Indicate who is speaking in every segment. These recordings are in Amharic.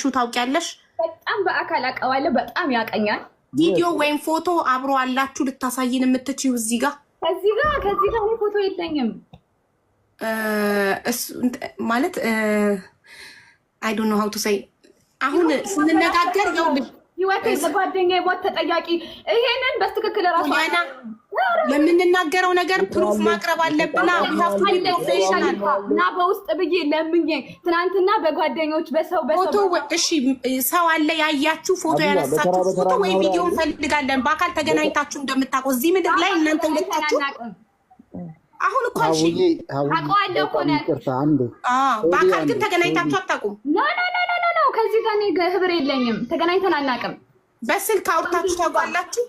Speaker 1: ሹ ታውቂያለሽ?
Speaker 2: በጣም በአካል አውቀዋለሁ። በጣም ያቀኛል።
Speaker 1: ቪዲዮ ወይም ፎቶ አብሮ አላችሁ ልታሳይን የምትችይው እዚህ ጋ
Speaker 2: ከዚህ ጋር ከዚህ ጋር ፎቶ የለኝም
Speaker 1: ማለት አይ ዶንት ኖ ሀው ቱ ሳይ አሁን ስንነጋገር ይኸውልሽ
Speaker 2: ህይወቴ በጓደኛ ሞት ተጠያቂ ይሄንን በትክክል
Speaker 1: ራሱ የምንናገረው ነገር ፕሩፍ ማቅረብ አለብና
Speaker 2: በውስጥ ብዬ ለምኜ ትናንትና በጓደኞች በሰው
Speaker 1: ፎቶ እሺ፣ ሰው አለ ያያችሁ ፎቶ ያነሳችሁ ፎቶ ወይ ቪዲዮ እንፈልጋለን። በአካል ተገናኝታችሁ እንደምታውቁ እዚህ ምድር ላይ እናንተ ሁለታችሁ አሁን እኮ እሺ፣
Speaker 2: እኮ ነው።
Speaker 1: በአካል ግን ተገናኝታችሁ አታውቁም።
Speaker 2: ነው። ከዚህ ጋር እኔ ህብር የለኝም። ተገናኝተን አናውቅም።
Speaker 1: በስልክ አውርታችሁ ታውቃላችሁ?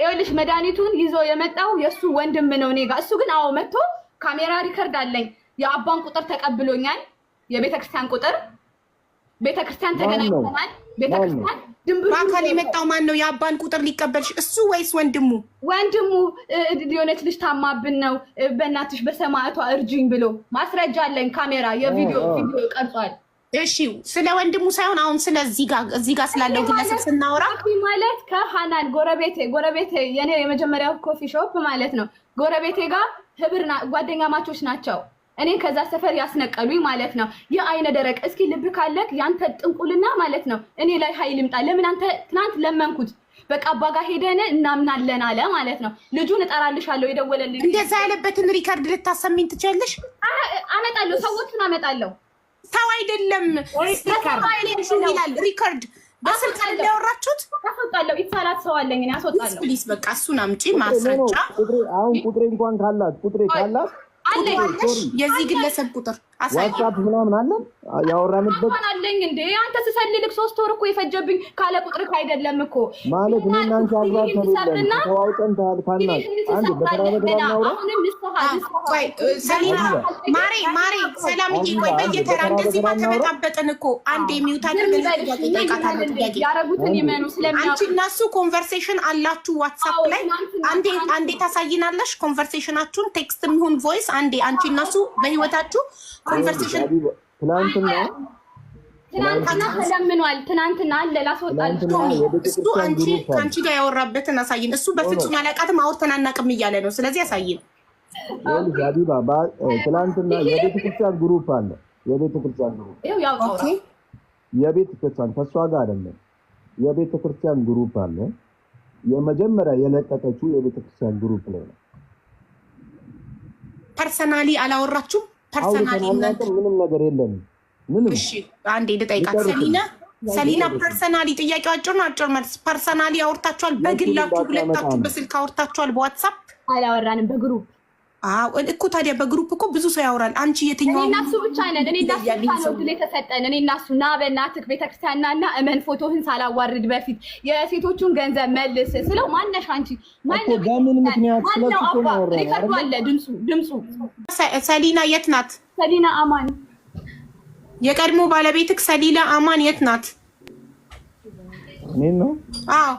Speaker 2: ይኸውልሽ መድኃኒቱን ይዞ የመጣው የእሱ ወንድም ነው እኔ ጋር። እሱ ግን አዎ መጥቶ ካሜራ ሪከርድ አለኝ። የአባን ቁጥር ተቀብሎኛል፣ የቤተክርስቲያን ቁጥር ቤተክርስቲያን ተገናኝተናል።
Speaker 1: ቤተክርስቲያን በአካል የመጣው ማን ነው? የአባን ቁጥር ሊቀበልሽ እሱ ወይስ ወንድሙ?
Speaker 2: ወንድሙ የሆነች ልጅ ታማብን ነው በእናትሽ በሰማዕቷ እርጅኝ ብሎ ማስረጃ አለኝ። ካሜራ የቪዲዮ ቪዲዮ ቀርጿል።
Speaker 1: እሺ ስለ ወንድሙ ሳይሆን አሁን ስለ እዚህ ጋር ስላለው ግለሰብ ስናወራ
Speaker 2: ማለት ከሀናን ጎረቤቴ ጎረቤቴ የኔ የመጀመሪያው ኮፊ ሾፕ ማለት ነው። ጎረቤቴ ጋር ህብር ጓደኛ ማቾች ናቸው። እኔ ከዛ ሰፈር ያስነቀሉኝ ማለት ነው። የአይነ ደረቅ እስኪ ልብ ካለክ ያንተ ጥንቁልና ማለት ነው እኔ ላይ ሀይል ይምጣ። ለምን አንተ ትናንት ለመንኩት በቃ አባ ጋር ሄደን እናምናለን አለ ማለት ነው። ልጁን እጠራልሻለሁ የደወለልኝ
Speaker 1: እንደዛ ያለበትን ሪከርድ ልታሰሚኝ ትችያለሽ?
Speaker 2: አመጣለሁ፣ ሰዎቹን አመጣለሁ
Speaker 1: ስታው አይደለም ይላል ሪከርድ በስልክ ያወራችሁት
Speaker 2: አስወጣለሁ። ይቻላት ሰው አለኝ እኔ አስወጣለሁ።
Speaker 1: ፕሊስ በቃ እሱን አምጪ ማስረጃ።
Speaker 3: አሁን ቁጥሬ እንኳን ካላት ቁጥሬ ካላት
Speaker 1: የዚህ ግለሰብ ቁጥር
Speaker 3: ዋትሳፕ ምናምን አለ ያወራንበት
Speaker 2: አለኝ። እንዴ አንተ ስሰልልክ ሶስት ወር እኮ የፈጀብኝ ካለ ቁጥር አይደለም እኮ
Speaker 3: ማለት እኔ እናንተ አግባብ ተብለና ተዋውጠን ታልካና አንድ በተራ በተራ
Speaker 1: እናውራ ማሬ አንቺ ኮንቨርሴሽን አላችሁ ዋትሳፕ ላይ አንዴ ታሳይናለሽ። ኮንቨርሴሽናችሁን ቴክስት የሚሆን ቮይስ አንዴ አንቺ በህይወታችሁ ኮንቨርሴሽን ትናንትና
Speaker 2: ተለምኗል። ትናንትና
Speaker 1: እሱ አንቺ ከአንቺ ጋር ያወራበትን አሳይን። እሱ በፍጹም ያላቃትም አውርተን አናውቅም እያለ ነው። ስለዚህ አሳይን።
Speaker 3: ዛቢባ ትላንትና ክርስቲያን ግሩፕ አለ። ክርስቲያን ግሩፕ ክርስቲያን ከእሷ ጋር አይደለም። ክርስቲያን ግሩፕ አለ። የመጀመሪያ የለቀቀችው ክርስቲያን ግሩፕ ላይ ነው።
Speaker 1: ፐርሰናሊ አላወራችሁም?
Speaker 3: ፐርሰናሊ ምንም ነገር የለም።
Speaker 1: ምንም እሺ፣ አንዴ ልጠይቃት ሰሊና ሰሊና ፐርሰናሊ ጥያቄው አጭር ነው። አጭር መልስ። ፐርሰናሊ አውርታችኋል? በግላችሁ ሁለታችሁ በስልክ አውርታችኋል? በዋትሳፕ
Speaker 2: አላወራንም በግሩፕ
Speaker 1: እኮ ታዲያ በግሩፕ እኮ ብዙ ሰው ያወራል። አንቺ የትኛው
Speaker 2: እኔ እናሱ ብቻ ነን። እኔ እናሱ ብቻ ነው ድል የተሰጠን። እኔ እናሱ ና በእናትህ ቤተክርስቲያን ና እመን ፎቶህን ሳላዋርድ በፊት የሴቶቹን ገንዘብ መልስ ስለው ማነሽ አንቺ ማነምን ምክንያት ሪከርዱ አለ ድምፁ ድምፁ
Speaker 1: ሰሊና የት ናት?
Speaker 2: ሰሊና አማን
Speaker 1: የቀድሞ ባለቤትህ ሰሊላ አማን የት ናት? እኔን ነው? አዎ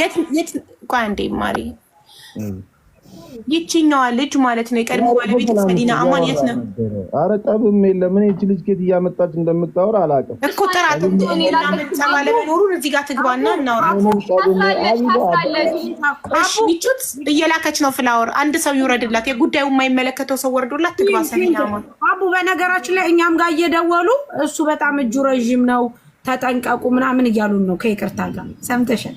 Speaker 1: የት የት? ቋንዴ አንዴ ማሪ ይችኛዋ ልጅ ማለት ነው የቀድሞ ባለቤት ሰዲና አማን የት ነው?
Speaker 3: አረ ጠብም የለም። እኔ ልጅ እያመጣች አላውቅም
Speaker 1: እኮ ባለመኖሩን እዚህ ጋር ትግባና እየላከች ነው ፍላወር። አንድ ሰው ይውረድላት፣ የጉዳዩ የማይመለከተው ሰው ወርዶላት ትግባ አቡ በነገራችን ላይ እኛም ጋር እየደወሉ እሱ በጣም እጁ ረዥም ነው ተጠንቀቁ ምናምን እያሉን ነው። ከይቅርታ ጋር ሰምተሻል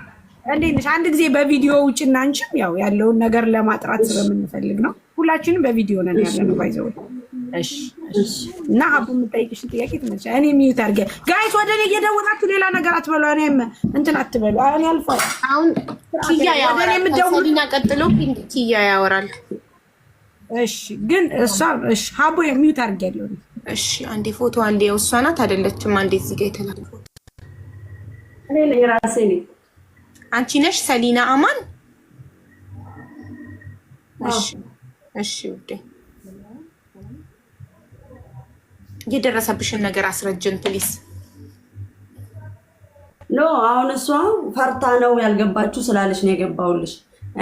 Speaker 1: እንዴት ነሽ? አንድ ጊዜ በቪዲዮ ውጭና አንቺም ያው ያለውን ነገር ለማጥራት ስለምንፈልግ ነው። ሁላችንም በቪዲዮ ነን ያለነው። ባይዘው እና ሀቡ የምጠይቅሽን ጥያቄ ትመ እኔ ሚዩት አድርጌ ጋይስ፣ ወደ እኔ እየደወላችሁ ሌላ ነገር አትበሉ። እኔም እንትን አትበሉ። አሁን ያልፋል።
Speaker 2: አሁን ኪያ ያወራል። ቀጥሎ ኪያ ያወራል።
Speaker 1: እሺ፣ ግን እሷ እሺ፣ ሀቡ የሚዩት አድርጌ ያለው እሺ። አንዴ ፎቶ አንዴ እሷ ናት አይደለችም። አንዴ እዚህ ጋር የተላከ እኔ የራሴ ነኝ አንቺ ነሽ ሰሊና አማን? እሺ እሺ። ውዴ የደረሰብሽን ነገር አስረጅን ፕሊስ። ኖ አሁን እሷ ፈርታ ነው ያልገባችሁ ስላለች ነው የገባውልሽ።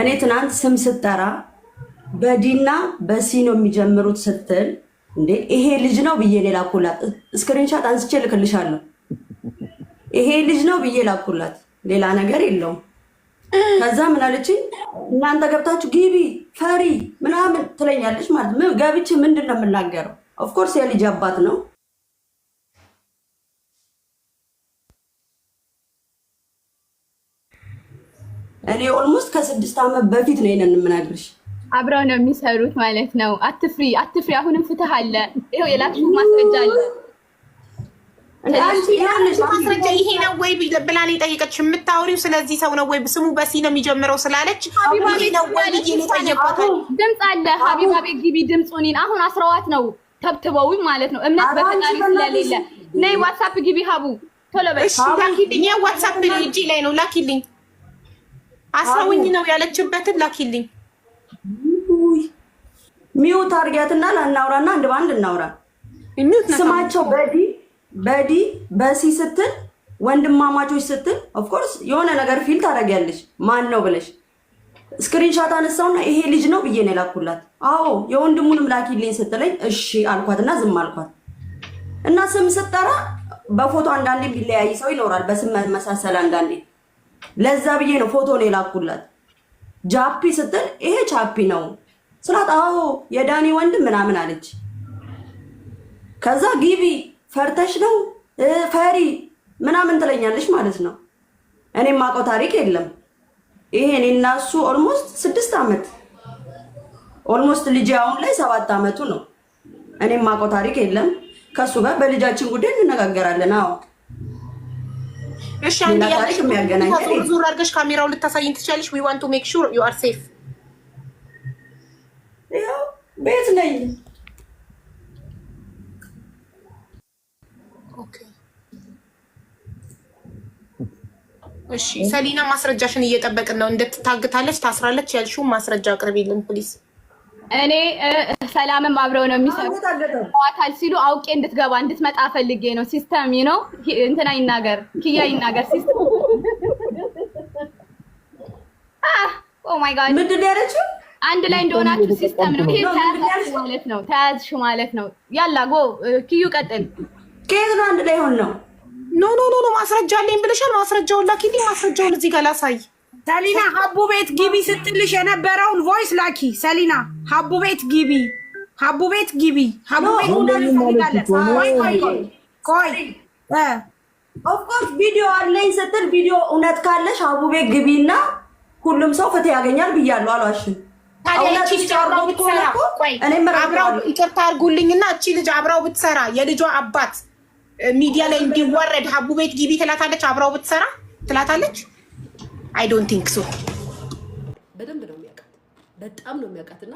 Speaker 1: እኔ ትናንት ስም ስጠራ በዲና በሲ ነው የሚጀምሩት ስትል እንዴ ይሄ ልጅ ነው ብዬ ነው የላኩላት። ስክሪንሻት አንስቼ ልክልሻለሁ። ይሄ ልጅ ነው ብዬ ላኩላት። ሌላ ነገር የለውም። ከዛ ምን አለችኝ፣ እናንተ ገብታችሁ ግቢ ፈሪ ምናምን ትለኛለች ማለት ነው። ገብቼ ምንድን ነው የምናገረው? ኦፍኮርስ የልጅ አባት ነው እኔ ኦልሞስት ከስድስት ዓመት በፊት ነው ይሄንን የምናግርሽ።
Speaker 2: አብረው ነው የሚሰሩት ማለት ነው። አትፍሪ አትፍሪ፣ አሁንም ፍትህ አለ። ይኸው የላክሽው ማስረጃ አለ።
Speaker 1: ማስረጃ ይሄ ነው ወይ ብላ የምታወሪው ስለዚህ ሰው ነው ወይ ስሙ በሲ ነው የሚጀምረው ስላለች
Speaker 2: ድምፅ አለ። ሀቢባ ቤት ግቢ አሁን አስረዋት ነው ተብትበው ማለት ነው። እምነት በፈጣሪ ስለሌለ ነይ ዋትሳፕ ግቢ ሀቡ
Speaker 1: ቶሎ በይ ዋትሳፕ እጅ ላይ ነው ላኪልኝ። አስረውኝ ነው ያለችበትን ላኪልኝ። አድርጊያትና ላናውራና አንድ በአንድ እናውራ። ስማቸው በዚህ በዲ በሲ ስትል ወንድማማቾች ስትል ኦፍኮርስ የሆነ ነገር ፊል ታደርጊያለሽ። ማን ነው ብለሽ ስክሪንሻት አነሳውና ይሄ ልጅ ነው ብዬ ነው የላኩላት። አዎ የወንድሙንም ላኪልኝ ስትለኝ እሺ አልኳትና ዝም አልኳት እና ስም ስጠራ በፎቶ አንዳንዴ ቢለያይ ሰው ይኖራል፣ በስም መሳሰል አንዳንዴ። ለዛ ብዬ ነው ፎቶ ነው የላኩላት። ጃፒ ስትል ይሄ ቻፒ ነው ስላት አዎ የዳኒ ወንድም ምናምን አለች። ከዛ ጊቢ ፈርተሽ ነው ፈሪ ምናምን ትለኛለች ማለት ነው። እኔ የማውቀው ታሪክ የለም። ይሄ እኔ እና እሱ ኦልሞስት ስድስት ዓመት ኦልሞስት ልጅ አሁን ላይ ሰባት ዓመቱ ነው። እኔ የማውቀው ታሪክ የለም። ከእሱ ጋር በልጃችን ጉዳይ እንነጋገራለን። አዎ እሺ። አንድ ያለሽ የሚያገናኝ ዙር አድርገሽ ካሜራውን ልታሳይን ትችላለሽ። ዊ ዋንት ቱ ሜክ ሹር ዩ አር ሴፍ። ያው ቤት ነኝ እሺ ሰሊና ማስረጃሽን እየጠበቅን ነው። እንደትታግታለች ታስራለች ያልሽው ማስረጃ አቅርቢልን ፕሊዝ።
Speaker 2: እኔ ሰላምም አብረው ነው የሚሰሩዋታል ሲሉ አውቄ እንድትገባ እንድትመጣ ፈልጌ ነው። ሲስተም ነው እንትና ይናገር፣ ክያ ይናገር። ሲስተም ኦማይ ጋድ
Speaker 1: ምንድን ያለችው?
Speaker 2: አንድ ላይ እንደሆናችሁ ሲስተም ነው። ማለት ነው። ተያዝሽ ማለት ነው። ያላ ጎ ኪዩ ቀጥል።
Speaker 1: ከየት ነው አንድ ላይ ሆን ነው? ኖ ኖ ማስረጃ አለኝ ብለሻል። ማስረጃውን ላኪልኝ። ማስረጃውን እዚህ ጋር ላሳይ። ሰሊና ሀቡ ቤት ግቢ ስትልሽ የነበረውን ቮይስ ላኪ። ሰሊና ሀቡ ቤት ግቢ፣ ሀቡ ቤት ግቢ፣ ሀቡ ቤት ቆይ ኦፍኮርስ ቪዲዮ አለኝ ስትል ቪዲዮ እውነት ካለሽ ሀቡ ቤት ግቢ እና ሁሉም ሰው ፍትህ ያገኛል ብያለሁ። አሏሽን እኔም ይቅርታ አርጉልኝና እቺ ልጅ አብራው ብትሰራ የልጇ አባት ሚዲያ ላይ እንዲዋረድ ሀቡ ቤት ጊቢ ትላታለች፣ አብራው ብትሰራ ትላታለች። አይ ዶንት ቲንክ ሶ። በደንብ ነው የሚያውቃት፣ በጣም ነው የሚያውቃት። እና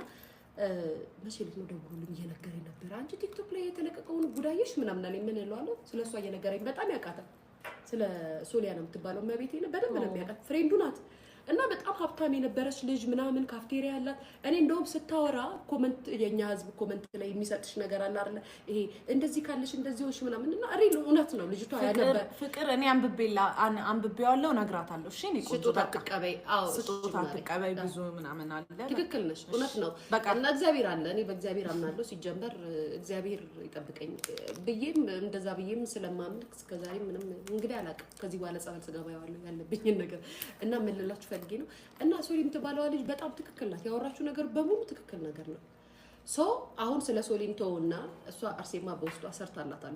Speaker 1: መቼ ልት ነው ደውሎልኝ እየነገረኝ ነበር፣ አንቺ ቲክቶክ ላይ የተለቀቀውን ጉዳይሽ ምናምን አለኝ። ምን እለዋለሁ? ስለ እሷ እየነገረኝ በጣም ያውቃታል። ስለ ሶሊያ ነው የምትባለው። መቤቴ በደንብ ነው የሚያውቃት፣ ፍሬንዱ ናት። እና በጣም ሀብታም የነበረች ልጅ ምናምን ካፍቴሪያ ያላት። እኔ እንደውም ስታወራ ኮመንት የኛ ህዝብ ኮመንት ላይ የሚሰጥሽ ነገር አለ አይደለ? ይሄ እንደዚህ ካለሽ እንደዚህ ሆሽ ምናምን እና ሪል እውነት ነው። ልጅቷ ያነበረ ፍቅር እኔ አንብቤላ አንብቤዋለሁ፣ እነግራታለሁ። እሺ እኔ ስጦታ አትቀበይ፣ አዎ ስጦታ አትቀበይ ብዙ ምናምን አለ። ትክክል ነሽ፣ እውነት ነው። በቃ እና እግዚአብሔር አለ፣ እኔ በእግዚአብሔር አምናለሁ። ሲጀመር እግዚአብሔር ይጠብቀኝ ብዬም እንደዛ ብዬም ስለማምልክ እስከዛሬ ምንም እንግዲህ አላውቅም። ከዚህ በኋላ ጸበል ስገባ ያለብኝን ነገር እና ምን ፈልጌ ነው እና ሶሊ የምትባለዋ ልጅ በጣም ትክክል ናት። ያወራችው ነገር በሙሉ ትክክል ነገር ነው። ሶ አሁን ስለ ሶሊን ተውና እሷ አርሴማ በውስጧ ሰርታላታለች።